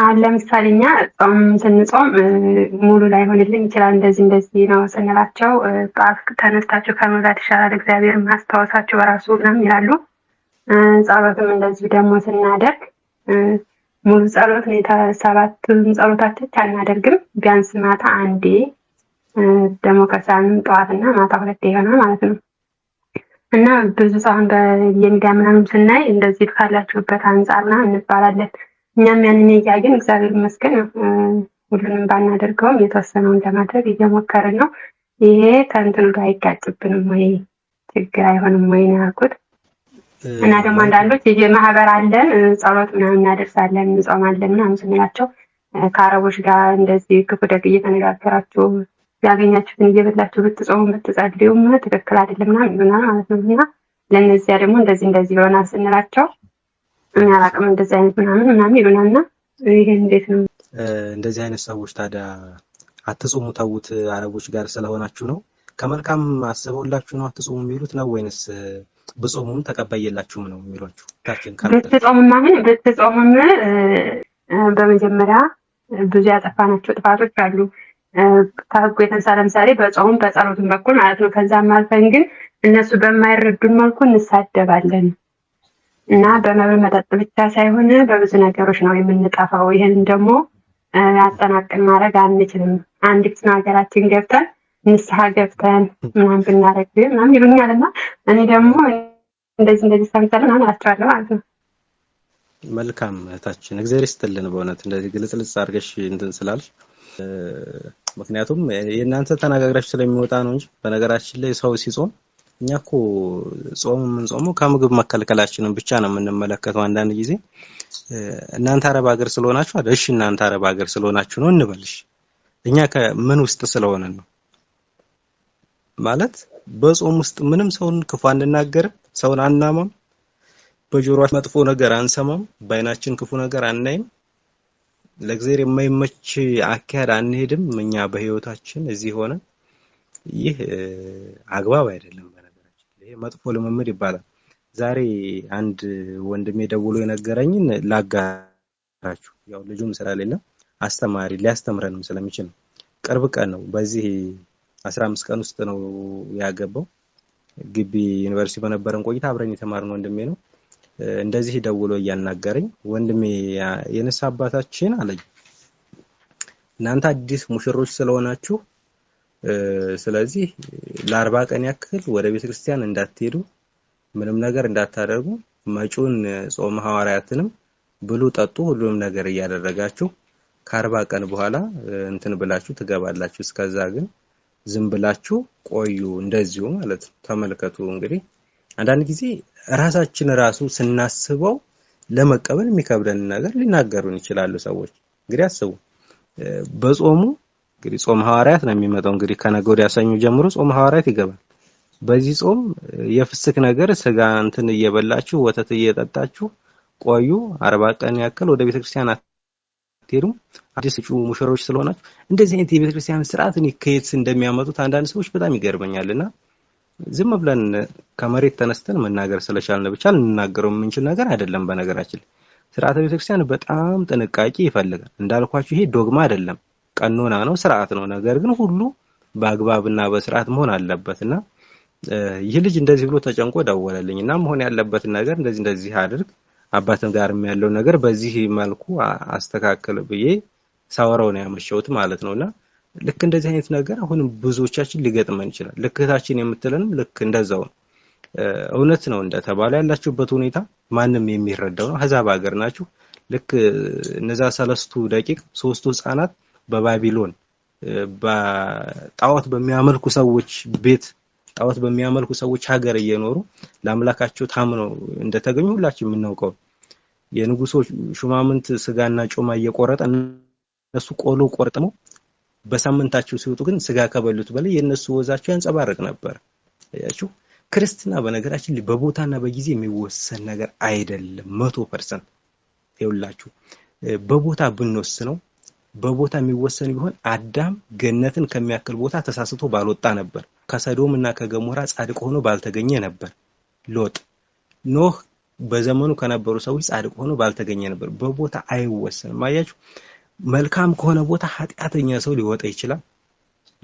አሁን ለምሳሌ እኛ ጾም ስንጾም ሙሉ ላይሆንልኝ ይችላል። እንደዚህ እንደዚህ ነው ስንላቸው ጧፍ ተነስታቸው ከመብላት ይሻላል እግዚአብሔር ማስታወሳቸው በራሱ ነው ይላሉ። ጸሎትም እንደዚህ ደግሞ ስናደርግ ሙሉ ጸሎት ነው የተሰባቱን ጸሎታቶች አናደርግም። ቢያንስ ማታ አንዴ ደግሞ ከሰዓትም ጠዋትና ማታ ሁለቴ ይሆናል ማለት ነው እና ብዙ ሰውን በየሚዲያ ምናምን ስናይ እንደዚህ ካላችሁበት አንጻርና እንባላለን እኛም ያንን እያየን እግዚአብሔር ይመስገን ሁሉንም ባናደርገውም የተወሰነውን ለማድረግ እየሞከርን ነው። ይሄ ከእንትኑ ጋር አይጋጭብንም ወይ ችግር አይሆንም ወይ ነው ያልኩት። እና ደግሞ አንዳንዶች ማህበር አለን ጸሎት ምናምን እናደርሳለን እንጾማለን ምናምን ስንላቸው ከአረቦች ጋር እንደዚህ ክፉ ደግ እየተነጋገራችሁ ያገኛችሁትን እየበላችሁ ብትጾሙ ብትጸልዩም ትክክል አይደለም ምናምን ማለት ነው እና ለእነዚያ ደግሞ እንደዚህ እንደዚህ ብሎና ስንላቸው እኔ አላቅም እንደዚህ አይነት ምናምን ምናምን ይሉናልና ይሄ እንዴት ነው እንደዚህ አይነት ሰዎች ታዲያ አትጽሙ ተዉት አረቦች ጋር ስለሆናችሁ ነው ከመልካም አስበውላችሁ ነው አትጽሙ የሚሉት ነው ወይንስ ብጾሙም ተቀበየላችሁም ነው የሚሏችሁ ብትጾሙም አሁን ብትጾሙም በመጀመሪያ ብዙ ያጠፋናቸው ጥፋቶች አሉ ከህጉ የተነሳ ለምሳሌ በጾሙም በጸሎትም በኩል ማለት ነው ከዛም አልፈን ግን እነሱ በማይረዱን መልኩ እንሳደባለን እና በመብል መጠጥ ብቻ ሳይሆን በብዙ ነገሮች ነው የምንጠፋው። ይህንን ደግሞ አጠናቅን ማድረግ አንችልም። አንዲት ሀገራችን ገብተን ንስሐ ገብተን ምናም ብናደረግ ምናምን ይሉኛል እና እኔ ደግሞ እንደዚህ እንደዚህ ሰምተን ምናምን አላቸዋለሁ ማለት ነው። መልካም እህታችን እግዚአብሔር ይስጥልን። በእውነት እንደዚህ ግልጽልጽ አድርገሽ እንትን ስላልሽ ምክንያቱም የእናንተ ተነጋግራችሁ ስለሚወጣ ነው እንጂ በነገራችን ላይ ሰው ሲጾም እኛ እኮ ጾም የምንጾመው ከምግብ መከልከላችንን ብቻ ነው የምንመለከተው። አንዳንድ ጊዜ እናንተ አረብ ሀገር ስለሆናችሁ አይደል? እሺ እናንተ አረብ ሀገር ስለሆናችሁ ነው እንበልሽ። እኛ ከምን ውስጥ ስለሆነን ነው ማለት በጾም ውስጥ ምንም ሰውን ክፉ አንናገርም፣ ሰውን አናማም፣ በጆሮአችን መጥፎ ነገር አንሰማም፣ በአይናችን ክፉ ነገር አናይም፣ ለእግዚአብሔር የማይመች አካሄድ አንሄድም። እኛ በህይወታችን እዚህ ሆነ ይህ አግባብ አይደለም። መጥፎ ልምምድ ይባላል። ዛሬ አንድ ወንድሜ ደውሎ የነገረኝን ላጋራችሁ። ያው ልጁም ስለሌለ አስተማሪ ሊያስተምረንም ስለሚችል ነው። ቅርብ ቀን ነው፣ በዚህ አስራ አምስት ቀን ውስጥ ነው ያገባው። ግቢ ዩኒቨርሲቲ በነበረን ቆይታ አብረን የተማርን ወንድሜ ነው። እንደዚህ ደውሎ እያናገረኝ ወንድሜ የነሳ አባታችን አለኝ እናንተ አዲስ ሙሽሮች ስለሆናችሁ ስለዚህ ለአርባ ቀን ያክል ወደ ቤተክርስቲያን እንዳትሄዱ፣ ምንም ነገር እንዳታደርጉ፣ መጪውን ጾመ ሐዋርያትንም ብሉ፣ ጠጡ፣ ሁሉንም ነገር እያደረጋችሁ ከአርባ ቀን በኋላ እንትን ብላችሁ ትገባላችሁ። እስከዛ ግን ዝም ብላችሁ ቆዩ። እንደዚሁ ማለት ነው። ተመልከቱ እንግዲህ አንዳንድ ጊዜ ራሳችን ራሱ ስናስበው ለመቀበል የሚከብደን ነገር ሊናገሩን ይችላሉ ሰዎች። እንግዲህ አስቡ በጾሙ እንግዲህ ጾም ሐዋርያት ነው የሚመጣው። እንግዲህ ከነገ ወዲያ ሰኞ ጀምሮ ጾም ሐዋርያት ይገባል። በዚህ ጾም የፍስክ ነገር ስጋ እንትን እየበላችሁ ወተት እየጠጣችሁ ቆዩ። አርባ ቀን ያክል ወደ ቤተክርስቲያን አትሄዱም። አዲስ እጩ ሙሽሮች ስለሆናችሁ እንደዚህ አይነት የቤተክርስቲያን ስርዓትን ከየት እንደሚያመጡት አንዳንድ ሰዎች በጣም ይገርመኛልና ዝም ብለን ከመሬት ተነስተን መናገር ስለቻልን ብቻ ልንናገረው የምንችል ነገር አይደለም። በነገራችን ስርዓተ ቤተክርስቲያን በጣም ጥንቃቄ ይፈልጋል። እንዳልኳችሁ ይሄ ዶግማ አይደለም። ቀኖና ነው፣ ስርዓት ነው። ነገር ግን ሁሉ በአግባብና በስርዓት መሆን አለበት እና ይህ ልጅ እንደዚህ ብሎ ተጨንቆ ደወለልኝ እና መሆን ያለበትን ነገር እንደዚህ እንደዚህ አድርግ፣ አባትም ጋርም ያለው ነገር በዚህ መልኩ አስተካክል ብዬ ሳወራው ነው ያመሸሁት ማለት ነው እና ልክ እንደዚህ አይነት ነገር አሁንም ብዙዎቻችን ሊገጥመን ይችላል። ልክታችን የምትለንም ልክ እንደዛው ነው። እውነት ነው እንደተባለ ያላችሁበት ሁኔታ ማንም የሚረዳው ነው። ህዛብ ሀገር ናችሁ። ልክ እነዛ ሰለስቱ ደቂቅ ሶስቱ ህጻናት በባቢሎን ጣዖት በሚያመልኩ ሰዎች ቤት ጣዖት በሚያመልኩ ሰዎች ሀገር እየኖሩ ለአምላካቸው ታምነው እንደተገኙ ሁላችን የምናውቀው የንጉሶ ሹማምንት ስጋና ጮማ እየቆረጠ እነሱ ቆሎ ቆርጥመው በሳምንታቸው ሲወጡ ግን ስጋ ከበሉት በላይ የእነሱ ወዛቸው ያንጸባረቅ ነበር። ያችሁ ክርስትና በነገራችን ላይ በቦታና በጊዜ የሚወሰን ነገር አይደለም። መቶ ፐርሰንት ይኸውላችሁ በቦታ ብንወስነው በቦታ የሚወሰን ቢሆን አዳም ገነትን ከሚያክል ቦታ ተሳስቶ ባልወጣ ነበር። ከሰዶም እና ከገሞራ ጻድቅ ሆኖ ባልተገኘ ነበር። ሎጥ ኖህ በዘመኑ ከነበሩ ሰዎች ጻድቅ ሆኖ ባልተገኘ ነበር። በቦታ አይወሰንም። አያችሁ፣ መልካም ከሆነ ቦታ ኃጢአተኛ ሰው ሊወጣ ይችላል።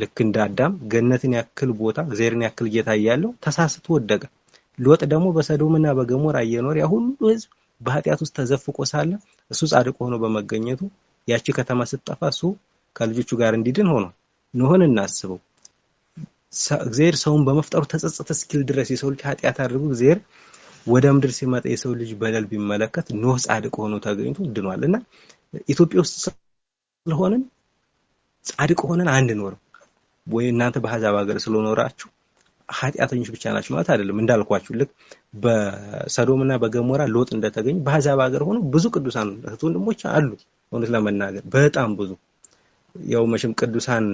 ልክ እንደ አዳም ገነትን ያክል ቦታ እግዚአብሔርን ያክል ጌታ እያለው ተሳስቶ ወደቀ። ሎጥ ደግሞ በሰዶምና በገሞራ እየኖር ያ ሁሉ ህዝብ በኃጢአት ውስጥ ተዘፍቆ ሳለ እሱ ጻድቅ ሆኖ በመገኘቱ ያቺ ከተማ ስትጠፋ እሱ ከልጆቹ ጋር እንዲድን ሆኗል። ኖህን እናስበው። እግዚአብሔር ሰውን በመፍጠሩ ተጸጸተ እስኪል ድረስ የሰው ልጅ ኃጢአት አድርጎ እግዚአብሔር ወደ ምድር ሲመጣ የሰው ልጅ በደል ቢመለከት ኖህ ጻድቅ ሆኖ ተገኝቶ ድኗል። እና ኢትዮጵያ ውስጥ ስለሆንን ጻድቅ ሆነን አንኖርም ወይ እናንተ በአሕዛብ ሀገር ስለኖራችሁ ኃጢአተኞች ብቻ ናችሁ ማለት አይደለም። እንዳልኳችሁ ልክ በሰዶምና በገሞራ ሎጥ እንደተገኘ በአሕዛብ ሀገር ሆኖ ብዙ ቅዱሳን እህት ወንድሞች አሉ። እውነት ለመናገር በጣም ብዙ ያው መቼም ቅዱሳን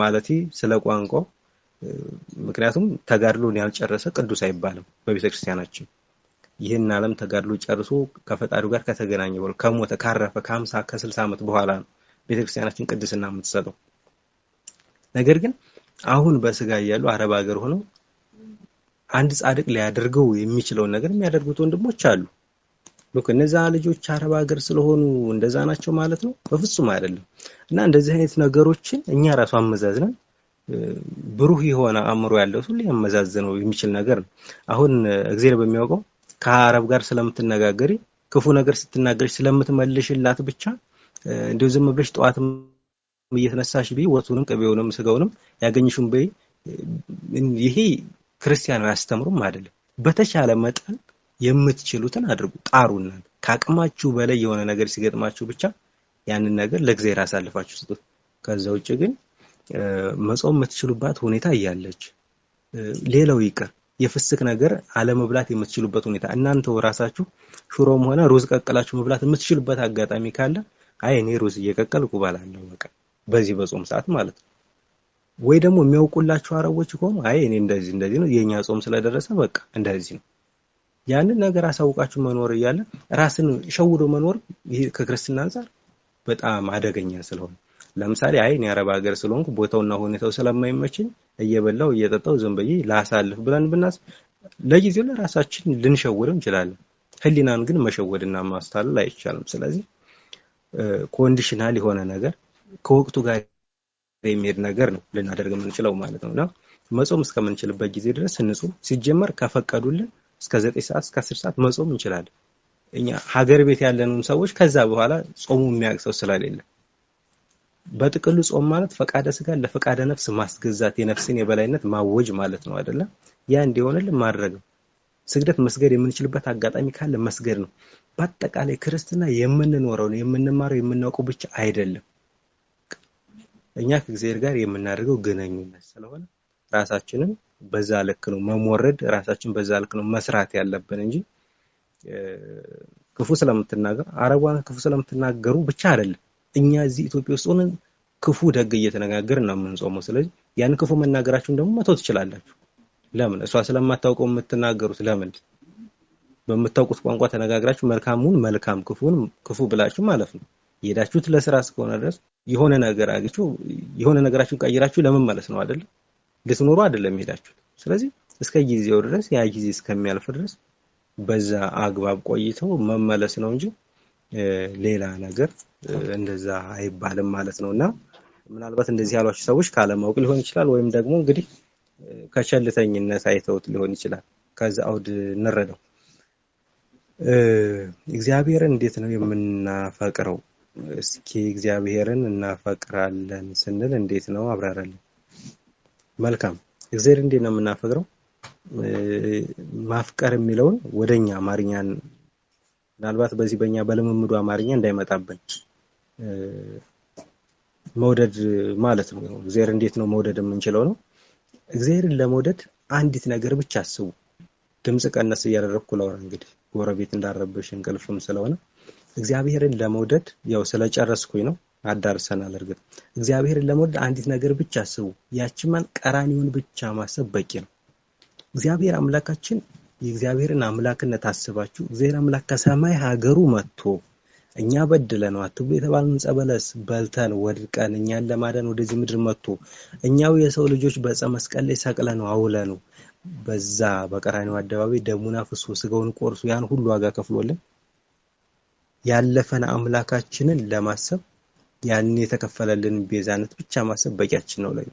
ማለት ስለ ቋንቋ ምክንያቱም ተጋድሎን ያልጨረሰ ቅዱስ አይባልም በቤተ ክርስቲያናችን። ይህን ዓለም ተጋድሎ ጨርሶ ከፈጣሪው ጋር ከተገናኘ በኋላ ከሞተ ካረፈ ከሀምሳ ከስልሳ ዓመት በኋላ ነው ክርስቲያናችን ቅድስና የምትሰጠው። ነገር ግን አሁን በስጋ እያሉ አረብ ሀገር ሆነው አንድ ጻድቅ ሊያደርገው የሚችለውን ነገር የሚያደርጉት ወንድሞች አሉ። ሉክ እነዛ ልጆች አረብ ሀገር ስለሆኑ እንደዛ ናቸው ማለት ነው? በፍጹም አይደለም። እና እንደዚህ አይነት ነገሮችን እኛ ራሱ አመዛዝነን ብሩህ የሆነ አእምሮ ያለው ሁሉ ያመዛዝነው የሚችል ነገር ነው። አሁን እግዚአብሔር በሚያውቀው ከአረብ ጋር ስለምትነጋገሪ ክፉ ነገር ስትናገርሽ ስለምትመልሽላት ብቻ እንዲሁ ዝም ብለሽ ጠዋትም እየተነሳሽ ቢ ወጡንም ቅቤውንም ስጋውንም ያገኝሽም በይ ይሄ ክርስቲያን አስተምሮም አይደለም። በተቻለ መጠን የምትችሉትን አድርጉ፣ ጣሩ። እናንተ ከአቅማችሁ በላይ የሆነ ነገር ሲገጥማችሁ ብቻ ያንን ነገር ለእግዚአብሔር አሳልፋችሁ ስጡት። ከዛ ውጭ ግን መጾም የምትችሉባት ሁኔታ እያለች ሌላው ይቅር የፍስክ ነገር አለመብላት የምትችሉበት ሁኔታ እናንተው ራሳችሁ ሽሮም ሆነ ሩዝ ቀቅላችሁ መብላት የምትችሉበት አጋጣሚ ካለ አይ እኔ ሩዝ እየቀቀልኩ እበላለሁ፣ በቃ በዚህ በጾም ሰዓት ማለት ነው። ወይ ደግሞ የሚያውቁላችሁ አረቦች ከሆኑ አይ እኔ እንደዚህ እንደዚህ ነው የኛ ጾም ስለደረሰ በቃ እንደዚህ ነው ያንን ነገር አሳውቃችሁ መኖር እያለ ራስን ሸውዶ መኖር ይሄ ከክርስትና አንጻር በጣም አደገኛ ስለሆነ ለምሳሌ አይ እኔ አረብ ሀገር ስለሆንኩ ቦታውና ሁኔታው ስለማይመችኝ እየበላው እየጠጣው ዝም ብዬ ላሳልፍ ብለን ብናስ ለጊዜው ለራሳችን ልንሸውደው እንችላለን። ህሊናን ግን መሸወድና ማስታለል አይቻልም። ስለዚህ ኮንዲሽናል የሆነ ነገር ከወቅቱ ጋር የሚሄድ ነገር ነው ልናደርግ የምንችለው ማለት ነው እና መጾም እስከምንችልበት ጊዜ ድረስ እንጹም። ሲጀመር ከፈቀዱልን እስከ ዘጠኝ ሰዓት እስከ አስር ሰዓት መጾም እንችላለን። እኛ ሀገር ቤት ያለንም ሰዎች ከዛ በኋላ ጾሙ የሚያቅሰው ስለሌለ በጥቅሉ ጾም ማለት ፈቃደ ስጋ ለፈቃደ ነፍስ ማስገዛት የነፍስን የበላይነት ማወጅ ማለት ነው አይደለም? ያ እንዲሆንልን ማድረግ ነው። ስግደት መስገድ የምንችልበት አጋጣሚ ካለ መስገድ ነው። በአጠቃላይ ክርስትና የምንኖረው ነው የምንማረው የምናውቀው ብቻ አይደለም። እኛ ከእግዚአብሔር ጋር የምናደርገው ግንኙነት ስለሆነ ራሳችንን በዛ ልክ ነው መሞረድ፣ ራሳችን በዛ ልክ ነው መስራት ያለብን እንጂ ክፉ ስለምትናገር አረቧን ክፉ ስለምትናገሩ ብቻ አይደለም። እኛ እዚህ ኢትዮጵያ ውስጥ ሆነን ክፉ ደግ እየተነጋገርን ነው የምንጾመው። ስለዚህ ያን ክፉ መናገራችሁን ደግሞ መተው ትችላላችሁ። ለምን እሷ ስለማታውቀው የምትናገሩት? ለምን በምታውቁት ቋንቋ ተነጋግራችሁ መልካሙን መልካም ክፉን ክፉ ብላችሁ ማለት ነው። የሄዳችሁት ለስራ እስከሆነ ድረስ የሆነ ነገር አግኝታችሁ የሆነ ነገራችሁን ቀይራችሁ ለመመለስ ነው አይደል? ልትኖሩ አይደለም ሄዳችሁት። ስለዚህ እስከ ጊዜው ድረስ ያ ጊዜ እስከሚያልፍ ድረስ በዛ አግባብ ቆይተው መመለስ ነው እንጂ ሌላ ነገር እንደዛ አይባልም ማለት ነው። እና ምናልባት እንደዚህ ያሏችሁ ሰዎች ካለማወቅ ሊሆን ይችላል፣ ወይም ደግሞ እንግዲህ ከቸልተኝነት አይተውት ሊሆን ይችላል። ከዛ አውድ እንረዳው። እግዚአብሔርን እንዴት ነው የምናፈቅረው? እስኪ እግዚአብሔርን እናፈቅራለን ስንል እንዴት ነው አብራራለን። መልካም እግዚአብሔር እንዴት ነው የምናፈቅረው? ማፍቀር የሚለውን ወደኛ አማርኛን ምናልባት በዚህ በእኛ በልምምዱ አማርኛ እንዳይመጣብን መውደድ ማለት ነው። እግዚአብሔር እንዴት ነው መውደድ የምንችለው ነው። እግዚአብሔርን ለመውደድ አንዲት ነገር ብቻ አስቡ። ድምፅ ቀነስ እያደረግኩ ላውራ እንግዲህ ጎረቤት እንዳረብሽ እንቅልፍም ስለሆነ እግዚአብሔርን ለመውደድ ያው ስለጨረስኩኝ ነው። አዳርሰናል። እርግጥ እግዚአብሔርን ለመወደድ አንዲት ነገር ብቻ አስቡ። ያችማን ቀራኒውን ብቻ ማሰብ በቂ ነው። እግዚአብሔር አምላካችን የእግዚአብሔርን አምላክነት አስባችሁ እግዚአብሔር አምላክ ከሰማይ ሀገሩ መጥቶ እኛ በድለ ነው አትብሉ የተባለውን በልተን ወድቀን እኛን ለማዳን ወደዚህ ምድር መጥቶ እኛው የሰው ልጆች በዕፀ መስቀል ላይ ሰቅለ ነው አውለ ነው በዛ በቀራኒው አደባባይ ደሙን አፍሶ ስጋውን ቆርሶ ያን ሁሉ ዋጋ ከፍሎልን ያለፈን አምላካችንን ለማሰብ ያንን የተከፈለልን ቤዛነት ብቻ ማሰብ በቂያችን ነው። ላይ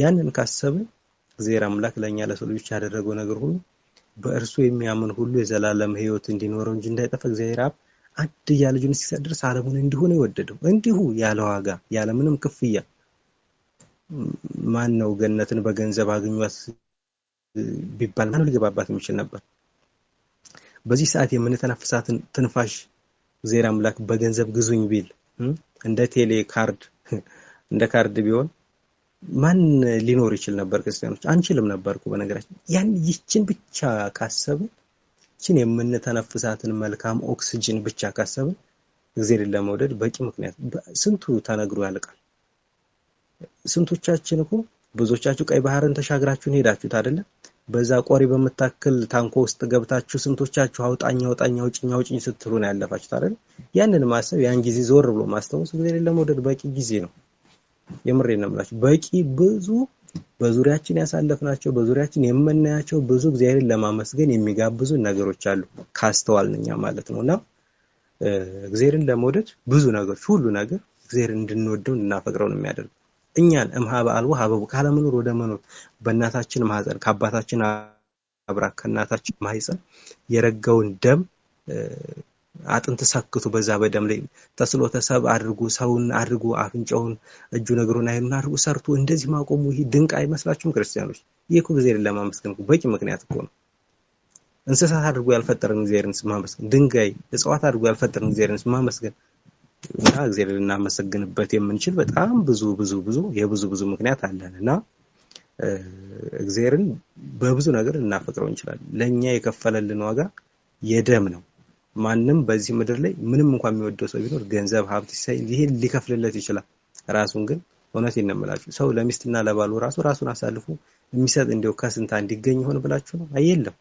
ያንን ካሰብን እግዚአብሔር አምላክ ለኛ ለሰው ልጆች ያደረገው ነገር ሁሉ በእርሱ የሚያምን ሁሉ የዘላለም ሕይወት እንዲኖረው እንጂ እንዳይጠፋ እግዚአብሔር አብ አንድያ ልጁን እስኪሰጥ ድረስ ዓለሙን እንዲሆነ የወደደው እንዲሁ ያለ ዋጋ ያለ ምንም ክፍያ ማን ነው ገነትን በገንዘብ አግኟት ቢባል ማን ሊገባባት የሚችል ነበር? በዚህ ሰዓት የምንተነፍሳትን ትንፋሽ እግዚአብሔር አምላክ በገንዘብ ግዙኝ ቢል እንደ ቴሌ ካርድ እንደ ካርድ ቢሆን ማን ሊኖር ይችል ነበር? ክርስቲያኖች አንችልም ነበርኩ። በነገራችን ያን ይችን ብቻ ካሰብን ይችን የምንተነፍሳትን መልካም ኦክስጅን ብቻ ካሰብን እግዚአብሔርን ለመውደድ በቂ ምክንያት ስንቱ ተነግሮ ያልቃል። ስንቶቻችን እኮ ብዙዎቻችሁ ቀይ ባህርን ተሻግራችሁን ሄዳችሁት አይደለም? በዛ ቆሪ በምታክል ታንኮ ውስጥ ገብታችሁ ስንቶቻችሁ አውጣኛ አውጣኛ ውጭኛ አውጭኝ ስትሉ ነው ያለፋችሁት አይደል? ያንን ማሰብ ያን ጊዜ ዞር ብሎ ማስታወስ እግዚአብሔርን ለመውደድ በቂ ጊዜ ነው። የምሬን ነው የምላችሁ። በቂ ብዙ በዙሪያችን ያሳለፍናቸው በዙሪያችን የምናያቸው ብዙ እግዚአብሔርን ለማመስገን የሚጋብዙ ነገሮች አሉ ካስተዋልንኛ ማለት ነውና እግዚአብሔርን ለመውደድ ብዙ ነገሮች ሁሉ ነገር እግዚአብሔርን እንድንወደው እንድናፈቅረው ነው የሚያደርግ እኛን እምሃበ አልቦ ሀበቡ ካለመኖር ወደ መኖር በእናታችን ማህፀን ከአባታችን አብራ ከእናታችን ማህፀን የረገውን ደም አጥንት ሰክቱ በዛ በደም ላይ ተስሎ ተሰብ አድርጉ ሰውን አድርጉ አፍንጫውን እጁ እግሩን አይኑን አድርጉ ሰርቱ እንደዚህ ማቆሙ ይህ ድንቅ አይመስላችሁም? ክርስቲያኖች ይህ እኮ እግዚአብሔርን ለማመስገን በቂ ምክንያት እኮ ነው። እንስሳት አድርጎ ያልፈጠረን እግዚአብሔርን ማመስገን፣ ድንጋይ እጽዋት አድርጎ ያልፈጠረን እግዚአብሔርን ማመስገን እና እግዚአብሔር እናመሰግንበት የምንችል በጣም ብዙ ብዙ ብዙ የብዙ ብዙ ምክንያት አለን እና እግዚአብሔርን በብዙ ነገር እናፈቅረው እንችላለን። ለእኛ የከፈለልን ዋጋ የደም ነው። ማንም በዚህ ምድር ላይ ምንም እንኳን የሚወደው ሰው ቢኖር ገንዘብ፣ ሀብት ሳይ ይሄን ሊከፍልለት ይችላል። ራሱን ግን እውነት ይነምላችሁ ሰው ለሚስትና ለባሉ ራሱ ራሱን አሳልፎ የሚሰጥ እንዲያው ከስንት እንዲገኝ ይሆን ብላችሁ ነው? አየለም።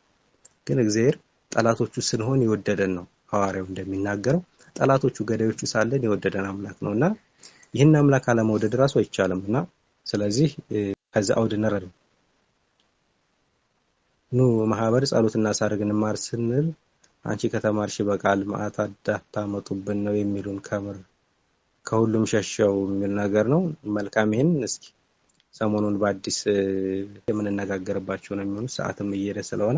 ግን እግዚአብሔር ጠላቶቹ ስንሆን የወደደን ነው ሐዋርያው እንደሚናገረው ጠላቶቹ ገዳዮቹ ሳለን የወደደን አምላክ ነው እና ይህን አምላክ አለመውደድ ራሱ አይቻልም እና ስለዚህ ከዚ አውድ ነረድ ኑ ማህበር ጸሎት እናሳርግ እንማር ስንል አንቺ ከተማርሽ በቃል መዓት አታመጡብን ነው የሚሉን። ከምር ከሁሉም ሸሸው የሚል ነገር ነው። መልካም ይህን እስኪ ሰሞኑን በአዲስ የምንነጋገርባቸው ነው የሚሆኑ ሰዓትም እየሄደ ስለሆነ